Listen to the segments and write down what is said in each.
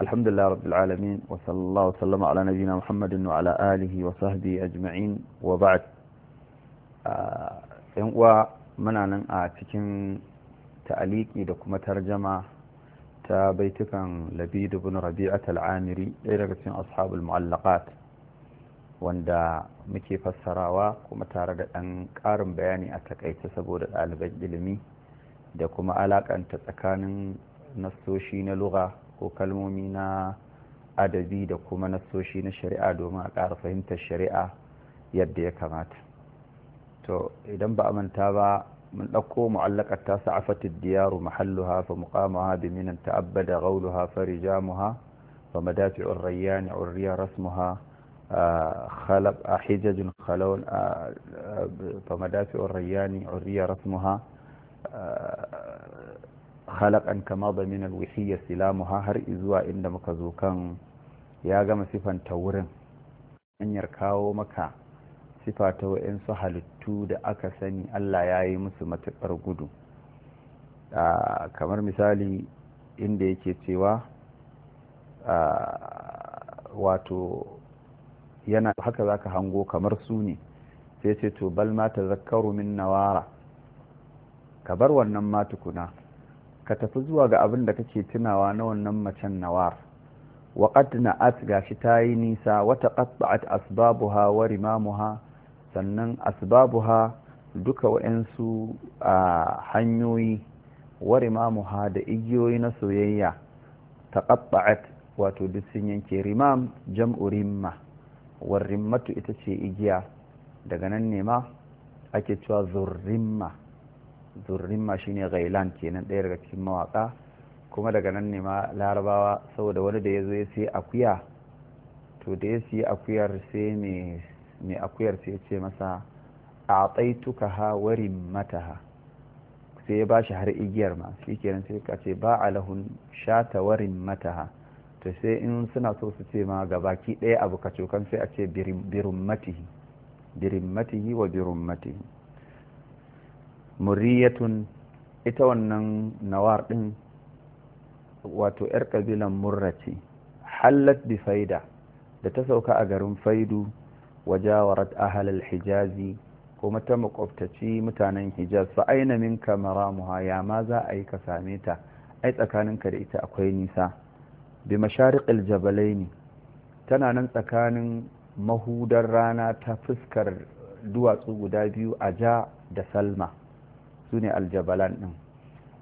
الحمد لله رب العالمين وصلى الله وسلم على نبينا محمد وعلى آله وصحبه أجمعين وبعد yanwa muna nan a cikin ta'aliki da kuma tarjama ta baitukan labid ibn rabi'at al-amiri ɗaya daga cikin ashabul mu'allaqat wanda muke fassarawa kuma tare da ɗan ƙarin bayani a takaice saboda ɗaliban ilimi da kuma alaƙanta tsakanin nastoshi na lugha ko kalmomi na adabi da kuma nasoshi na shari'a domin a ƙara fahimtar shari'a yadda ya kamata to idan ba a manta ba mun ɗauko mu'allakar ta sa'afatid diyaru mahalluha fa muqamuha bi minan ta'abbada ghawluha fa rijamuha fa madafi'ur rayyani urriya rasmuha حجج خلون فمدافع الريان رسمها halakan kama da min alwihiyya silamuha har izuwa inda muka zo kan ya gama sifanta wurin hanyar kawo maka sifa ta wa'insu halittu da aka sani Allah ya yi musu matuƙar gudu kamar misali inda yake cewa wato yana haka zaka hango kamar su ne sai ce to bal ma ta zakaru min nawara ka bar wannan ma tukuna. ka tafi zuwa ga abin da kake tunawa na wannan macen nawar wa qad at gashi tayi nisa wa taqatta'at asbabuha wa rimamuha sannan asbabuha duka wa'ansu hanyoyi wa rimamuha da igiyoyi na soyayya taqatta'at wato duk sun yanke rimam jam'u rimma war rimmatu ita ce igiya daga nan ne ma ake cewa zurrimma zurrin ma shine gailan kenan ɗaya daga cikin mawaƙa kuma daga nan ne ma larabawa saboda wani da ya zo ya sai akuya to da ya sai akuyar sai mai akuyar sai ce masa a tsaituka ha warin mataha sai ya bashi har igiyar ma shi kenan sai ka ce ba a lahun shata warin mataha ta sai in suna so su ce ma ga baki ɗaya abu kacokan sai a ce birin matihi birin matihi wa birin matihi muriyatun ita wannan nawar ɗin wato 'yar ƙabilan murra ce hallat bi faida da ta sauka a garin faidu wajawarat ahalal hijazi kuma ta makwabtaci mutanen hijaz fa aina minka maramuha ya ma za a yi ka same ta ai ka da ita akwai nisa bi jabalai ne tana nan tsakanin mahudar rana ta fuskar duwatsu guda biyu a ja da salma su ne aljabalan ɗin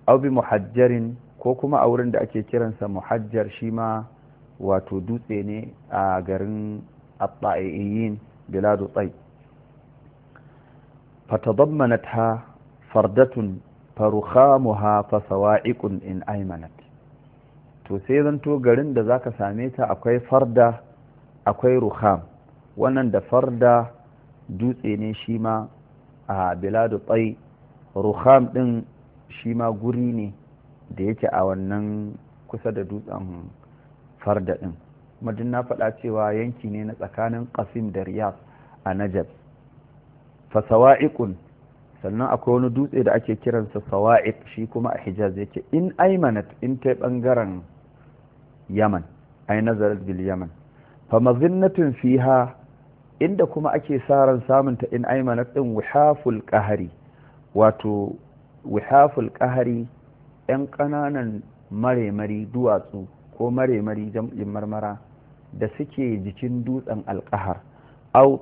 au muhajjarin ko kuma a wurin da ake kiransa muhajjar shi ma wato dutse ne a garin abba'iyin biladu tsai ha fardatun farukhamuha fasawa'iqun in aimanat to sai zanto garin da zaka same ta akwai farda akwai rukham wannan da farda dutse ne shi ma a biladu tsai ruham din shi ma guri ne da yake a wannan kusa da dutsen farda ɗin madin na faɗa cewa yanki ne na tsakanin kasim da riyas a najab fasawa'ikun sannan akwai wani dutse da ake kiransa sawa'iq shi kuma a hijaz yake in aimanat in ta bangaren yaman ai nazarat bil yaman fa mazinnatin fiha inda kuma ake sa ran samunta in aimanat ɗin wihaful qahari wato wihaful kahari 'yan ƙananan maremari duwatsu ko maremari jam'in marmara da suke jikin dutsen alkahar au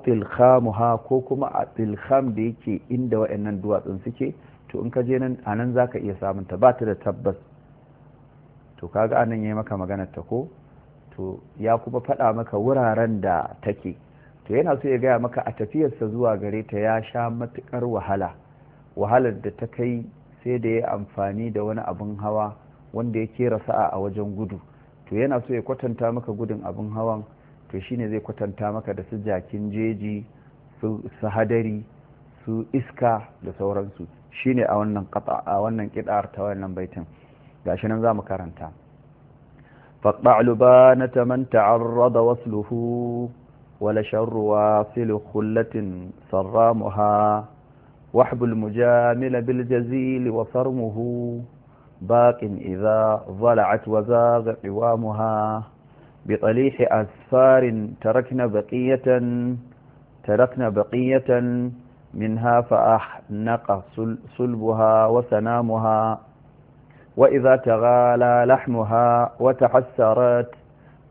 ha ko kuma a tilham da yake inda wa'annan duwatsun suke to in ka je nan a nan za ka iya samun ta ba ta da tabbas to kaga nan ya yi maka maganar ta ko to ya kuma faɗa maka wuraren da take to yana so ya gaya maka a tafiyarsa zuwa gare ta ya sha matuƙar wahala wahalar da ta kai sai da ya amfani da wani abin hawa wanda ya kera sa'a a wajen gudu to yana so ya kwatanta maka gudun abin hawan to shine zai kwatanta maka da su jakin jeji su hadari su iska da sauransu shine a wannan a wannan kidar ta wannan baitin gashi nan zamu karanta faqta lubanata man ta'arrada wasluhu wala sarramuha واحب المجامل بالجزيل وصرمه باق إذا ظلعت وزاغ قوامها بطليح أسفار تركنا بقية تركنا بقية منها فأحنق صلبها وسنامها وإذا تغالى لحمها وتحسرت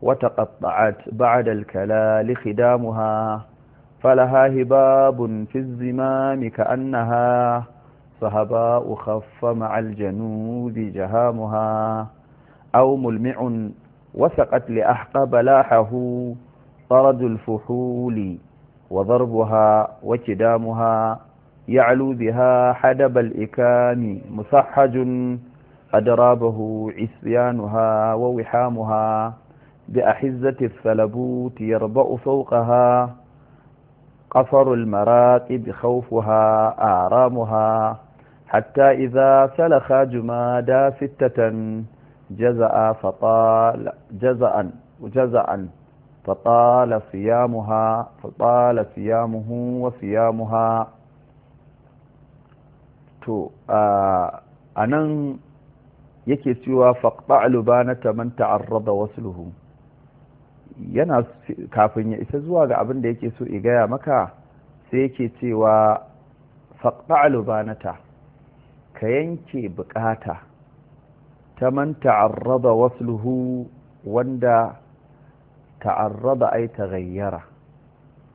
وتقطعت بعد الكلال خدامها فلها هباب في الزمام كأنها صهباء خف مع الجنوب جهامها أو ملمع وثقت لأحقب لاحه طرد الفحول وضربها وكدامها يعلو بها حدب الإكام مصحج أدرابه عصيانها ووحامها بأحزة الثلبوت يربأ فوقها قصر المراتب خوفها آرامها حتى إذا سلخ جمادا ستة جزأ فطال جزأ جزأ فطال صيامها فطال صيامه وصيامها تو a nan فاقطع cewa من تعرض ta yana kafin ya isa zuwa ga abin da yake so i gaya maka sai yake cewa faɗa'alu al'ubanata, ka yanke bukata ta man ta'arraba wasluhu wanda ta'arraba ai ta gayyara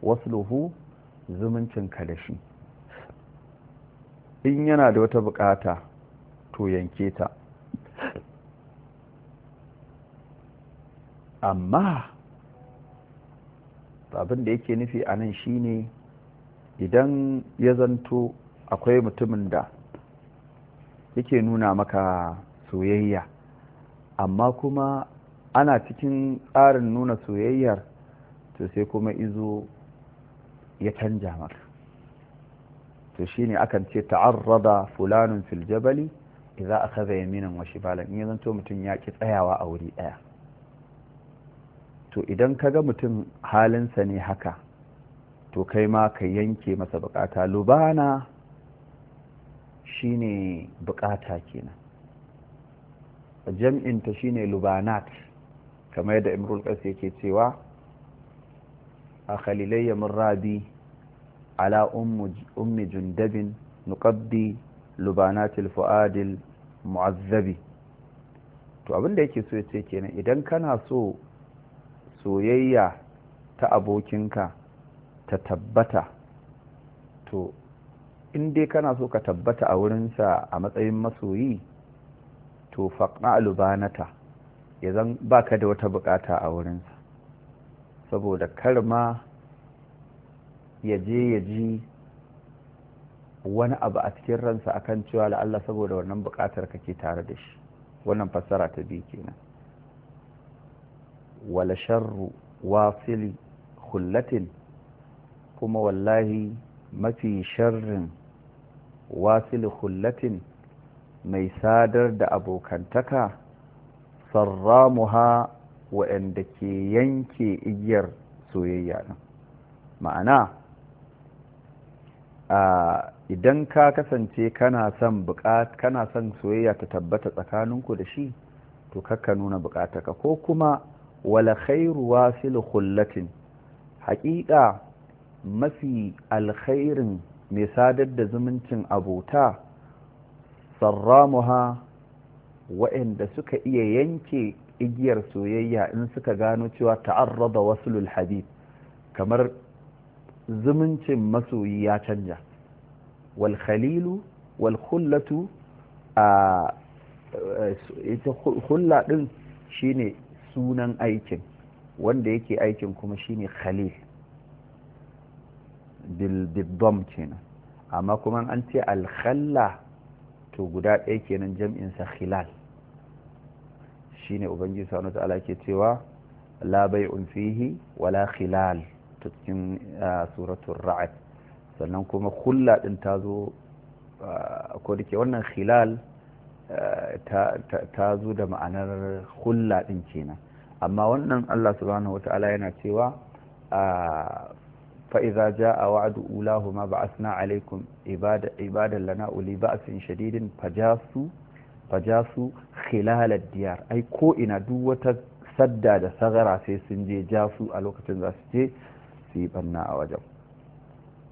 wasluhu zumuncin da in yana da wata bukata to yanke ta amma abin da yake nufi a nan shine idan ya zanto akwai mutumin da yake nuna maka soyayya amma kuma ana cikin tsarin nuna soyayyar to sai kuma izo ya canja maka to shine akan ce ta'arrada fulanun fil jabali idza akhadha yaminan wa shimalan in zanto mutum ya ki tsayawa a wuri ɗaya. to idan ka ga mutum halinsa ne haka to kai ma ka yanke masa bukata lubana shine bukata kenan jam'inta shine lubanat kamar yadda imrul qas yake cewa a khalilayya min rabi ala ummi jundabin nuqaddi lubanatil fuadil mu'azzabi to abinda yake so ya ce kenan idan kana so soyayya ta abokinka ta tabbata to in dai kana so ka tabbata a wurinsa a matsayin masoyi to faƙa alubanata ya zan baka da wata buƙata a wurinsa saboda kar ma ya je ya ji wani abu a cikin ransa akan cewa la'alla saboda wannan bukatar kake tare da shi wannan fassara ta biyu kenan wala sharru wasili hullatin kuma wallahi mafi sharrin wasili hullatin mai sadar da abokantaka sarramuha waɗanda ke yanke igiyar soyayya ɗin ma'ana idan ka kasance kana son kana son soyayya ta tabbata tsakaninku da shi to kakka nuna bukataka ko kuma wala khairu wasil khullatin haƙiƙa mafi alkhairin mai sadar da zumuncin abota sarramuha waɗanda suka iya yanke igiyar soyayya in suka gano cewa ta'arrada wasulul habib kamar zumuncin masoyi ya canja wal khalilu wal khullatu a ita khulla din shine sunan aikin wanda yake aikin kuma shine khalil bidom kenan amma kuma an ce alkhalla to guda ɗaya kenan jam'insa khilal shine ubangiji sanu ta'ala ke cewa la bai'un fihi wala khilal ta cikin suratul ra'ad sannan kuma khulla din ta zo ko dake wannan khilal ta zo da ma'anar khulla din kenan amma wannan Allah subhanahu wata'ala yana cewa fa'iza ja a wa'adu ulahu ma ba asna alaikum ibadan lana uli ba'asin shadidin fajasu fajasu khilalar diyar ai ko ina duk wata sadda da sagara sai sun je jasu a lokacin za je su banna a wajan.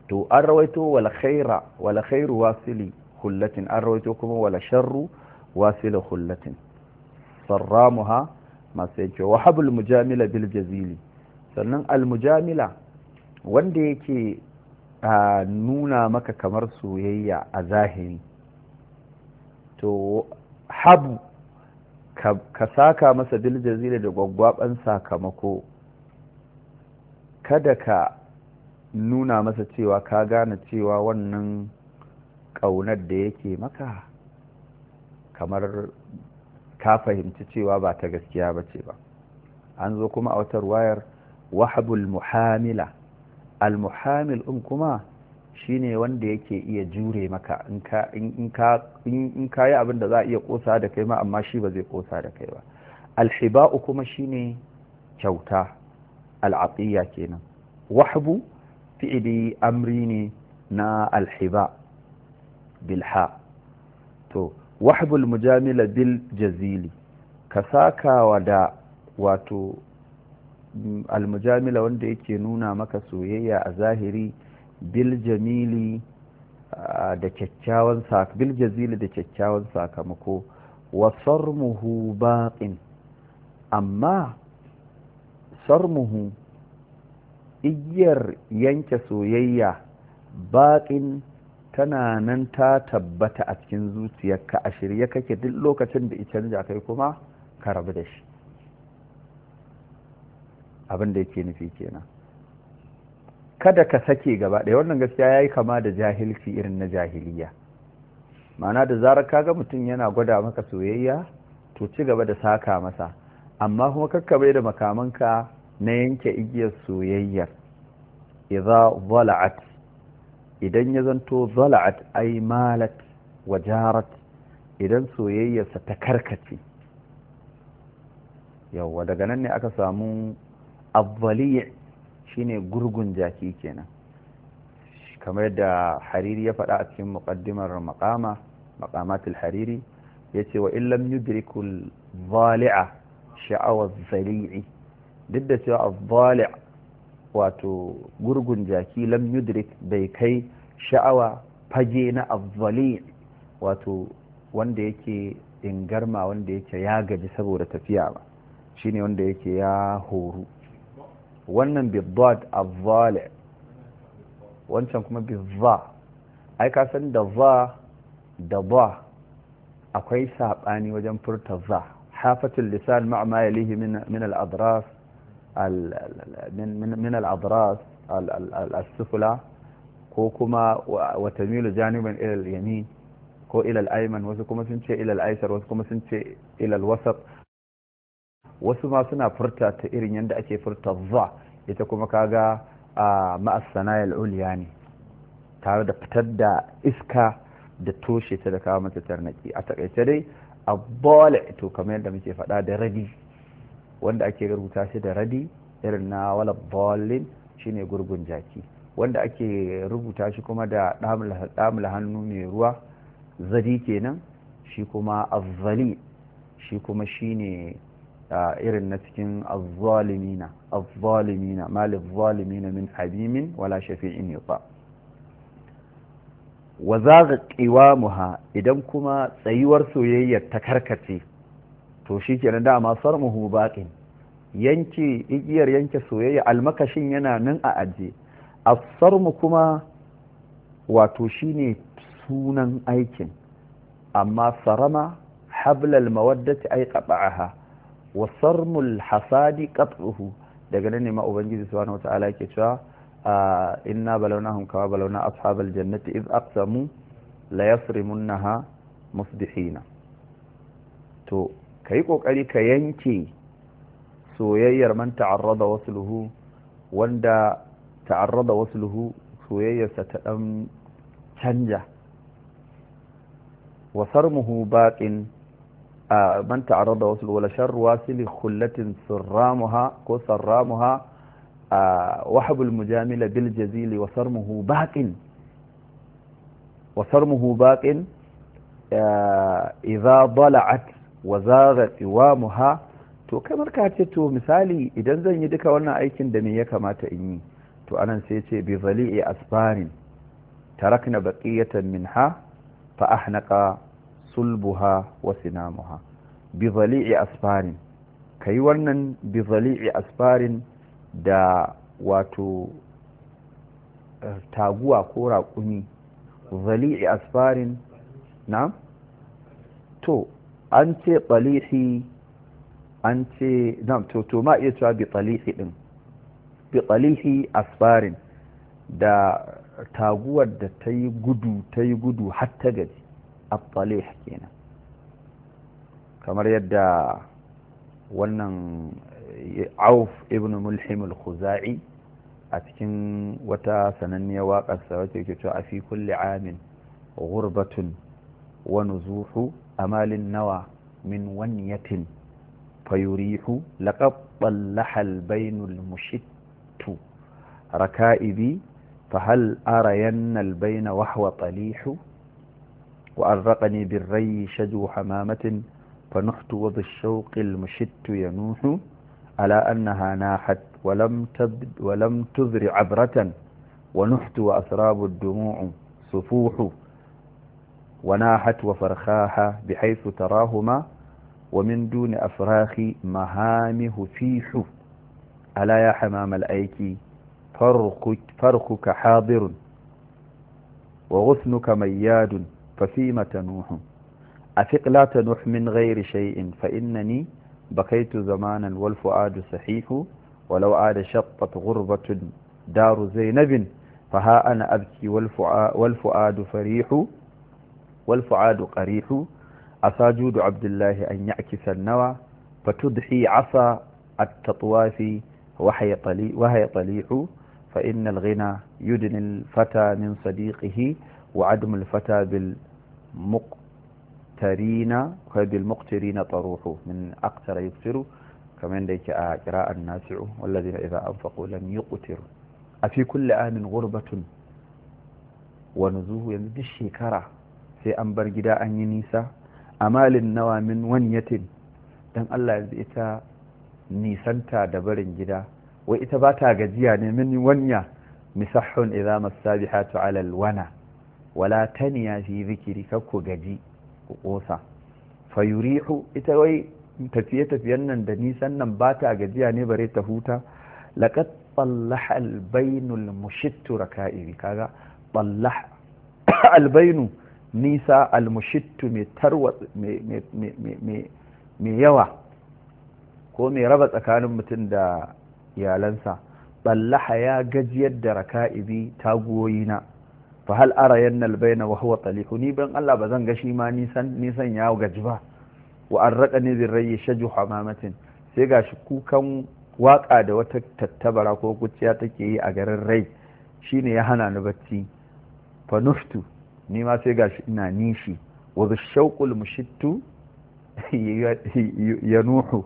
to an rawaito wala khaira wala khairu wasili an rawaito kuma wala sharru wasila hullatin sarramuha masu yake wa habul mujamila bil jazili sannan al mujamila wanda yake nuna maka kamar soyayya a zahiri to habu ka saka masa bil jazili da gwaggwaban sakamako kada ka nuna masa cewa ka gane cewa wannan ƙaunar da yake maka kamar ka fahimci cewa ba ta gaskiya ba ce ba an zo kuma a watar wayar wahabul muhamila al-muhamil ɗin kuma shine wanda yake iya jure maka in ka yi abin da za a iya kosa da kai ma amma shi ba zai kosa da kai ba alhiba'u kuma shine kyauta al'atiyya kenan wahbu fi'ili amri ne na alhiba bilha to wahbul mujamila bil jazili ka wa da wato mm, almujamila wanda yake nuna maka soyayya a zahiri bil jamili da kyakkyawan bil jazili da kyakkyawan sakamako wa sarmuhu baqin amma sarmuhu igiyar yanke soyayya baƙin. tana nan ta tabbata a cikin zuciyarka a shirye kake duk lokacin da ita canja kai kuma ka rabu da shi abin da yake nufi kenan kada ka sake gaba ɗaya wannan gaskiya ya yi kama da jahilci irin na jahiliya ma'ana da zarar kaga mutum yana gwada maka soyayya to ci gaba da saka masa amma kuma bai da makamanka na yanke igiyar soyayyar idza zala'at idan ya zanto zala'at ai malat wa jarat idan soyayyarsa ta karkace yawwa daga nan ne aka samu abbali shine gurgun jaki kenan kamar da hariri ya faɗa a cikin muƙaddimar maƙama maƙamatul hariri yace wa illam yudrikul zali'a sha'awar zali'i duk da cewa zali'a wato gurgun jaki lam yudrik bai kai sha'awa fage na azzali wato wanda yake ingarma wanda yake ya gaji saboda tafiya ba shine wanda yake ya horu wannan bibbad azzali wancan kuma bizza ai ka san da za da ba akwai saɓani wajen furta za hafatul lisan ma'a ma min al min al'adras al'asufula ko kuma watamilu janibin ilal yamin ko ilal aiman wasu kuma sun ce ilal aisar wasu kuma sun ce ilal wasar wasu ma suna furta ta irin yadda ake furta za ita kuma kaga a ma'asanayar uliya ne tare da fitar da iska da toshe ta da kawo tarnaki a takaice dai a to kamar yadda muke faɗa da rabi wanda ake rubuta shi da radi irin na wala bolin shine gurgun jaki wanda ake rubuta shi kuma da damula hannu mai ruwa zadi kenan shi kuma azzali shi kuma shine irin na cikin azzalimina azzalimina malin zalimina min habimin wala shafi'in yuta wa zaga muha idan kuma tsayuwar soyayyar ta karkace to shi kenan dama sarmuhu baƙin yanke igiyar yanke soyayya almakashin yana nan a aje asarmu kuma wato ne sunan aikin amma sarama hablal mawaddati ay qata'aha wa sarmul hasadi qat'uhu daga nan ne ma ubangiji subhanahu wata'ala yake cewa inna balawnahum kama balawna ashabal jannati iz aqsamu la yasrimunnaha musbihina to ka yi ƙoƙari ka yanke soyayyar man ta'arrada wasluhu wanda ta'arrada wasluhu soyayyarsa ta ɗan canja وصرمه باق من تعرض وصل ko شر واسل خلة سرامها كسرامها وحب wasar بالجزيل وصرمه باق وصرمه باق إذا ضلعت wa zara qiwamuha to kamar ka ce to misali idan zan yi duka wannan aikin da me ya kamata in yi to anan sai ce bi zali'i asfarin tarakna baqiyatan minha fa ahnaqa sulbuha wa sinamuha bi zali'i asfarin kai wannan bi zali'i asfarin da wato eh, taguwa ko raƙumi zali'i asfarin na to an ce ɓalihi an ce nan to ma iya cewa bi ɓalihi ɗin bi ɓalihi asfarin da taguwar da ta yi gudu ta yi gudu har ta gaji a talih kenan kamar yadda wannan auf ibn mulhim al-khuzai a cikin wata sananniyar waƙarsa wacce yake cewa a fi kulle amin غربة ونزوح أمال النوى من ونية فيريح لقد طلح البين المشت ركائبي فهل أرين البين وهو طليح وأرقني بالري شجو حمامة فنحت وض الشوق المشت ينوح على أنها ناحت ولم, تبد ولم تذر عبرة ونحت وأسراب الدموع صفوح وناحت وفرخاها بحيث تراهما ومن دون أفراخ مهامه فيح ألا يا حمام الأيك فرقك, فرقك حاضر وغصنك مياد ففيم تنوح أثق لا تنوح من غير شيء فإنني بقيت زمانا والفؤاد صحيح ولو عاد شطت غربة دار زينب فها أنا أبكي والفؤاد فريح والفعاد قريح أساجود جود عبد الله أن يعكس النوى فتضحي عصا التطواف وهي طليع, وهي طليع فإن الغنى يدني الفتى من صديقه وعدم الفتى بالمقترين بالمقترين طروح من أقتر يكسر كما عندك آه، قراءة النافع والذين إذا أنفقوا لم يقتروا أفي كل آن غربة ونزوه يمد الشيكرة sai an bar gida an yi nisa amalin nawa min yatin don Allah yanzu ita nisanta da barin gida wai ita ba ta gajiya ne min wanya misahun idza masabihatu hatu alalwana wala taniya fi zikiri kakko gaji ku kosa fayurihu ita wai tafiye tafiyen nan da nisan nan ba ta gajiya ne bare ta huta laqad طلح albainu المشت ركائبي kaga طلح albainu. nisa almushittu mai yawa ko mai raba tsakanin mutum da iyalansa ballaha ya gajiyar da raka'ibi tagoyina fa hal ara yannal baina wa huwa talihu ni ban Allah bazan ga shi ma nisan nisan ya gaji ba wa ni bir rayyi shaju hamamatin sai gashi kukan waka da wata tattabara ko kuciya take yi a garin rai shine ya hana ni bacci fa nuftu ni ma sai gashi ina nishi wa zu shauqul mushittu ya nuhu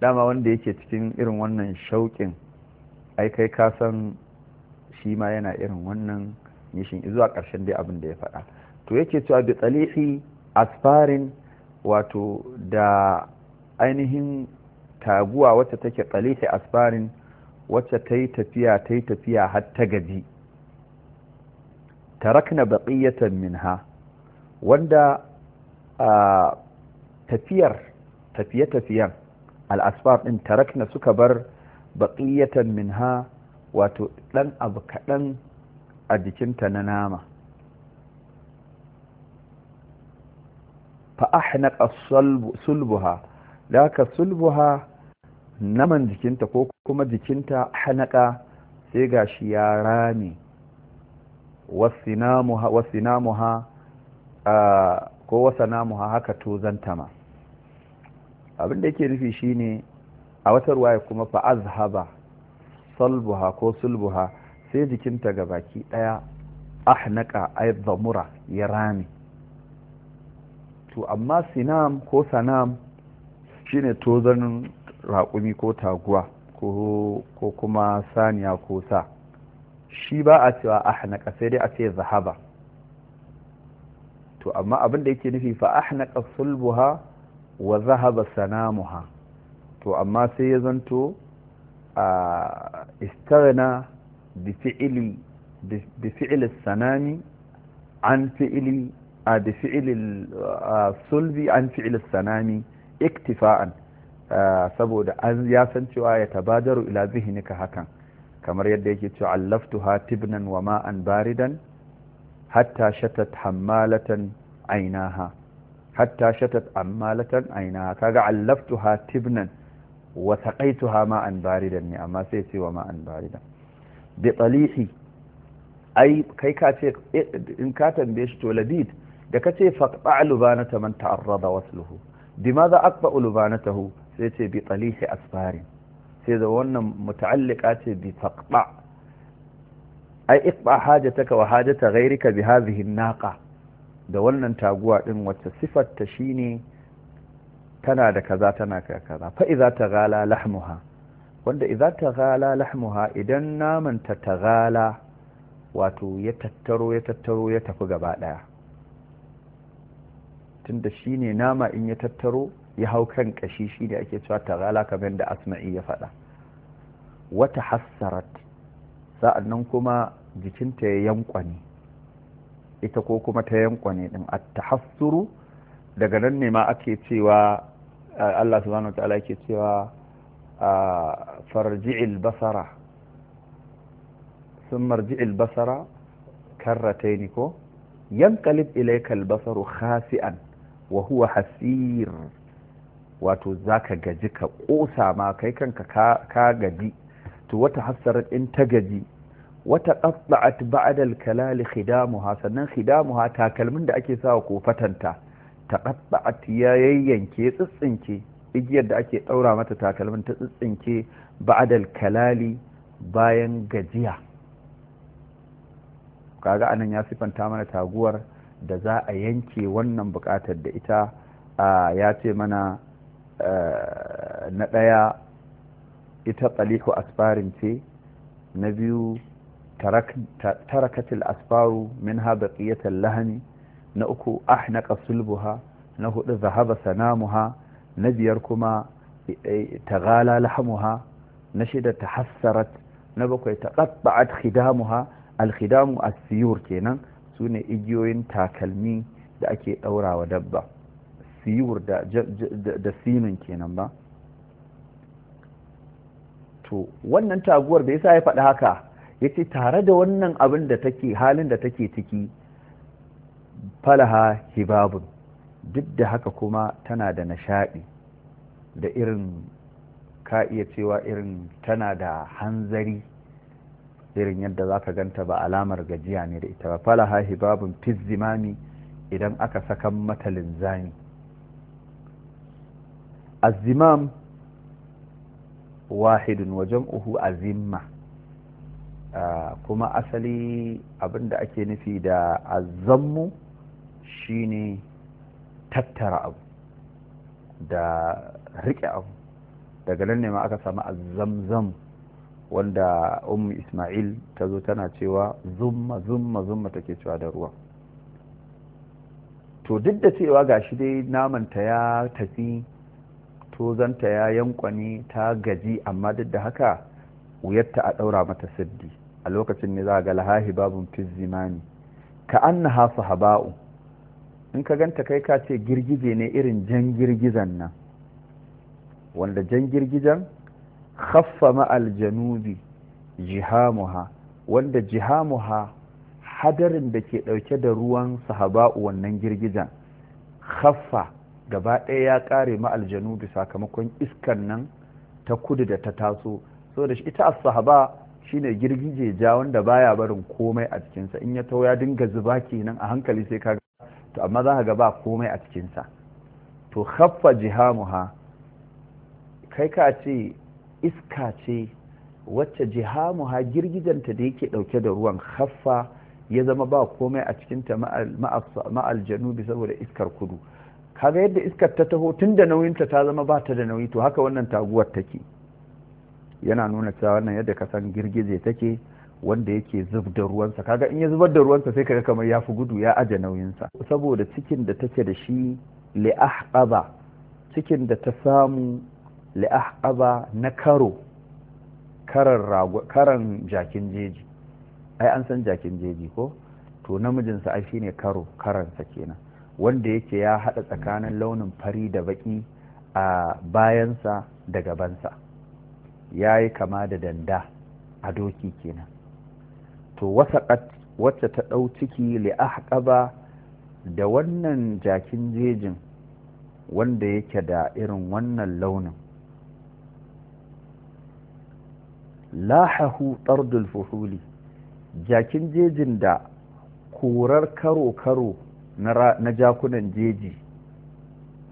dama wanda yake cikin irin wannan shauƙin ai kai ka san shi ma yana irin wannan nishin zuwa ƙarshen dai abin da ya faɗa to yake cewa bi tsalihi asfarin wato da ainihin taguwa wacce take tsalihi asfarin wacce ta yi tafiya ta yi tafiya har ta gaji tarakna baqiyatan minha wanda tafiyar tafiye-tafiyen al'asfar ɗin tarakna suka bar baƙiyatan minha wato ɗan abu kaɗan a jikinta na nama fa'ahnaka sulbuha da haka sulbuha naman jikinta ko kuma jikinta hanaka sai gashi ya rame wasinamuha ko wasanamuha haka tozantama abin da yake nufi shine a wata ruwaya kuma fa azhaba salbuha ko sulbuha sai jikinta ga baki daya ahnaka yi zamura ya rami to amma sinam ko sanam shine tozanin raƙumi ko taguwa ko kuma saniya ko sa shi ba a cewa ahnaka sai dai a ce zahaba to amma abin da yake nufi fa ahnaka sulbuha wa zahaba sanamuha to amma sai ya zanto a istaghna bi fi'li sanami an a bi fi'li sulbi an sanami iktifa'an saboda an ya san cewa ya tabadaru ila zihinika hakan kamar yadda yake cewa ha tibnan wa ma'an baridan hatta shatat hammalatan ainaha hatta shatat ammalatan ainaha kaga allaftuha tibnan wa saqaituha ma'an baridan ne amma sai ce wa ma'an baridan bi talihi ai kai ka ce in ka tambaye shi to labid da ka ce faqta lubanata man ta'arrada wasluhu bimaza aqba lubanatahu sai ce bi talihi asfarin sai da wannan muta'allika ce bi faqba ai iqba hajataka wa hajata ghayrika bi hadhihi naqa da wannan taguwa din wacce sifar ta shine tana da kaza tana da kaza fa idza tagala lahmuha wanda idza tagala lahmuha idan naman ta tagala wato ya tattaro ya tattaro ya tafi gaba daya tunda shine nama in ya tattaro ya hau kan kashi shi ne ake cewa gala kamar da asma'i ya faɗa wata hassarat sa'an nan kuma jikinta ya yankwane ita ko kuma ta yankwane din a tahassuru daga nan ne ma ake cewa Allah subhanahu ta'ala ke cewa farji'il basara sun marji'il basara karrataini ko yankalib ilaikal basaru khasi'an wa huwa hasir wato za ka gaji ka ƙosa ma kai kanka ka gaji to wata hassarar in ta gaji wata ƙasba'at ba'adal kalali khidamuha sannan khidamuha takalmin da ake sawa ko fatanta ta ƙasba'at ya yayyanke tsitsinke igiyar da ake ɗaura mata takalmin ta tsitsinke ba'adar kalali bayan gajiya kaga anan ya sifanta mana taguwar da za a yanke wannan buƙatar da ita ya ce mana Eh, na ɗaya ita tsalihu asfarin ce na biyu tarakatil asfaru min ha baqiyatal lahani na uku ahnaqa sulbuha na hudu zahaba sanamuha na biyar kuma e, e, tagala lahamuha na shida tahassarat na bakwai ta taqatta'at khidamuha alkhidamu as-siyur kenan sune igiyoyin takalmi da ake ɗaurawa dabba siyur da da sinin kenan ba to wannan taguwar da sa ya faɗi haka ya ce tare da wannan abin da take halin da take ciki falaha hibabun duk da haka kuma tana da nishaɗi da irin ka iya cewa irin tana da hanzari irin yadda za ka ganta ba alamar gajiya ne da ita ba falaha hibabun fizzimami idan aka sakan mata linzami الزمام واحد وجمعه أزمة كما أصلي أبن دا أكي نفي دا الزم شيني تتر أبو دا رك أبو دا قلن ما أكا سماء الزمزم wanda ummu ismail ta zo tana cewa zumma zumma zumma take cewa da ruwa to duk da cewa gashi dai namanta ya tafi zanta ya yankwani ta gaji amma duk da haka wuyarta a ɗaura mata siddi a lokacin ne za ga lahahi babun fizzimani ka an na haba'u in ka ganta kai ka ce girgije ne irin jan girgizan nan wanda jan girgizan khaffa ma'al janubi jihamuha wanda jihamuha hadarin da ke ɗauke da ruwan sahaba'u wannan girgizan khaffa gaba ɗaya ya ƙare ma aljanubi sakamakon iskan nan ta kudu da ta taso saboda shi ita as-sahaba shine girgije ja wanda baya barin komai a cikinsa in ya tau ya dinga zuba kenan a hankali sai ka to amma za ka ga ba komai a cikinsa to khaffa jihamuha kai ka ce iska ce wacce jihamuha girgijanta da yake ɗauke da ruwan haffa ya zama ba komai a cikinta ma'al janubi saboda iskar kudu kaga yadda iskar ta taho tun da nauyinta ta zama ba ta da nauyi to haka wannan taguwar take yana nuna cewa wannan yadda ka san girgije take wanda yake zub da ruwansa kaga in ya zubar da ruwansa sai kaga kamar ya fi gudu ya aje nauyinsa saboda cikin da take da shi li'ahqaba cikin da ta samu li'ahqaba na karo karan karan jakin jeji ai an san jakin jeji ko to namijinsa ai shine karo karansa kenan wanda yake ya haɗa tsakanin launin fari da baƙi a bayansa da gabansa ya yi kama da danda a doki kenan to wacce ta ɗau ciki li'ahqaba da wannan jakin jejin wanda yake da irin wannan launin lahahu tardul fuhuli jakin jejin da korar karo-karo na jakunan jeji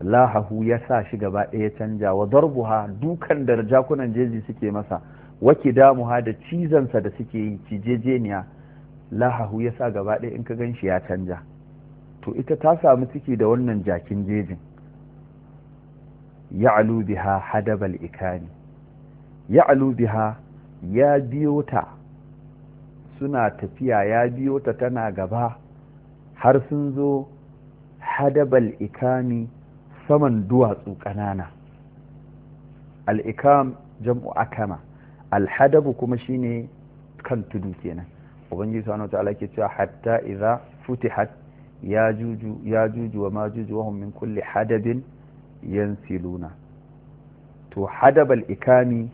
lahahu ya sa shi gaba ɗaya canja wa darbuha dukan da jakunan jeji suke masa waki damuha da cizansa da suke yi cijejeniya lahahu ya sa gaba ɗaya in ka gan shi ya canja to ita ta samu ciki da wannan jakin jejin ya'lu biha hadabal ikani ya'lu biha ya biyo ta suna tafiya ya biyo ta tana gaba har sun zo hadabal ikami saman duwatsu ƙanana al'ikam jam'u akama alhadabu kuma shine kan tudu kenan ubangiji subhanahu ta'ala ke cewa hatta iza futihat ya juju ya juju wa majuju wa hum min kulli hadabin yansiluna to hadabal ikami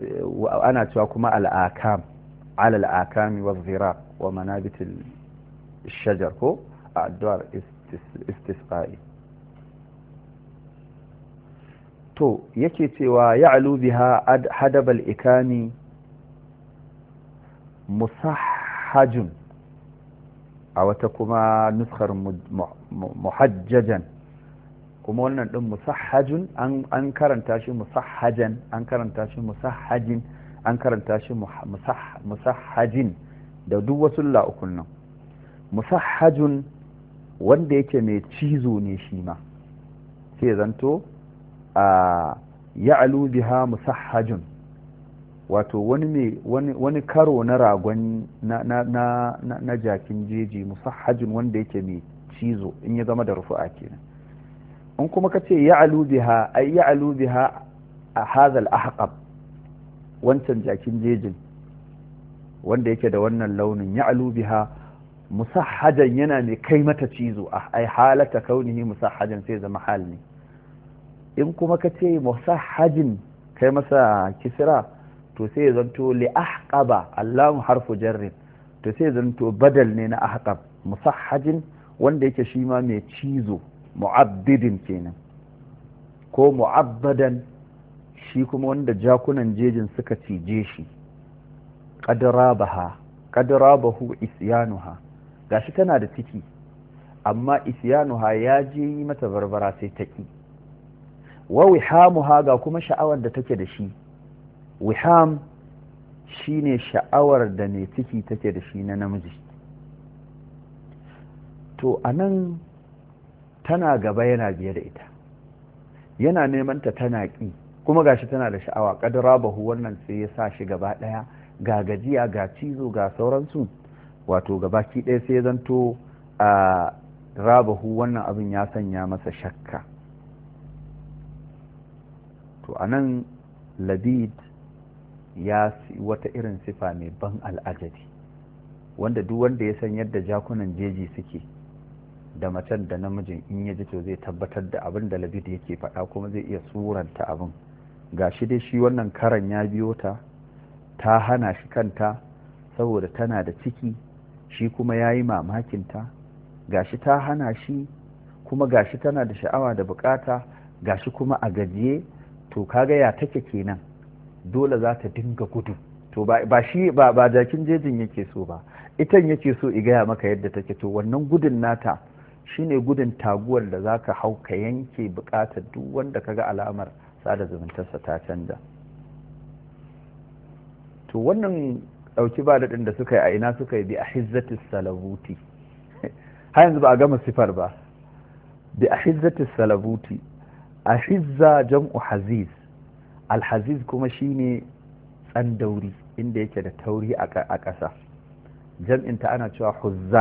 eh, ana cewa kuma al'akam al'akami wa zira wa manabitin. shajar ko a addu'ar istisqa'i to yake cewa ya'lu biha hadabal ikami musahhajun a wata kuma nuskar muhajjajan kuma wannan ɗin musahhajun an karanta shi musahhajan an karanta shi musahhajin shi musahhajin da duk wasu la'ukun nan Musahajun wanda yake mai cizo ne shi ma sai zanto a ya'alu biha musahajun wato wani karo na ragon na jakin jeji Musahajun wanda yake mai cizo in ya zama da rufu'a kenan in kuma ka ce ya'alu biha ay ya'alu biha a hazal ahqab wancan jakin jejin wanda yake da wannan launin ya'alu biha musahajan yana mai kai mata cizo ai halata kaunihi musahajan sai zama hal ne in kuma ka ce musahajin kai masa kisira to sai zanto li ahqaba allahu harfu jarrin to sai zanto badal ne na ahqab musahajin wanda yake shi ma mai cizo mu'abbidin kenan ko mu'abbadan shi kuma wanda jakunan jejin suka cije shi qadrabaha qadrabahu isyanuha gashi tana da ciki amma isyanuha ya je yi mata barbara sai ta ƙi wa wihamuha ga kuma sha'awar da take da shi wiham shine sha'awar da mai ciki take da shi na namiji to a nan tana gaba yana biye da ita yana neman ta tana ƙi kuma gashi tana da sha'awa Ƙadarabahu, bahu wannan sai ya sa shi gaba ɗaya ga gajiya ga cizo ga sauransu wato gabaki ɗaya sai zanto a rabahu wannan abin ya sanya masa shakka to a nan labid ya wata irin sifa mai ban al'ajabi wanda duk wanda ya san yadda jakunan jeji suke da macen da namijin in ya ji to zai tabbatar da abin da labid yake faɗa kuma zai iya suranta abin ga shi dai shi wannan karan ya biyo ta ta hana shi kanta saboda tana da ciki shi kuma ya yi mamakinta gashi ta hana shi kuma gashi tana da sha'awa da bukata gashi kuma a gajiye to kaga ya take kenan dole za ta dinga gudu to ba shi ba jakin jejin yake so ba itan yake so i gaya maka yadda take to wannan gudun nata shine gudun taguwar da za ka hau ka yanke bukatar duk wanda ka ga alamar sada zumuntarsa ta canja to wannan ɗauki ba daɗin da suka yi a ina suka yi bi a hizzatis salabuti har yanzu ba a gama sifar ba bi a hizzatis salabuti a hizza jam'u haziz alhaziz kuma shine tsandauri inda yake da tauri a ƙasa jam'inta ana cewa huzzan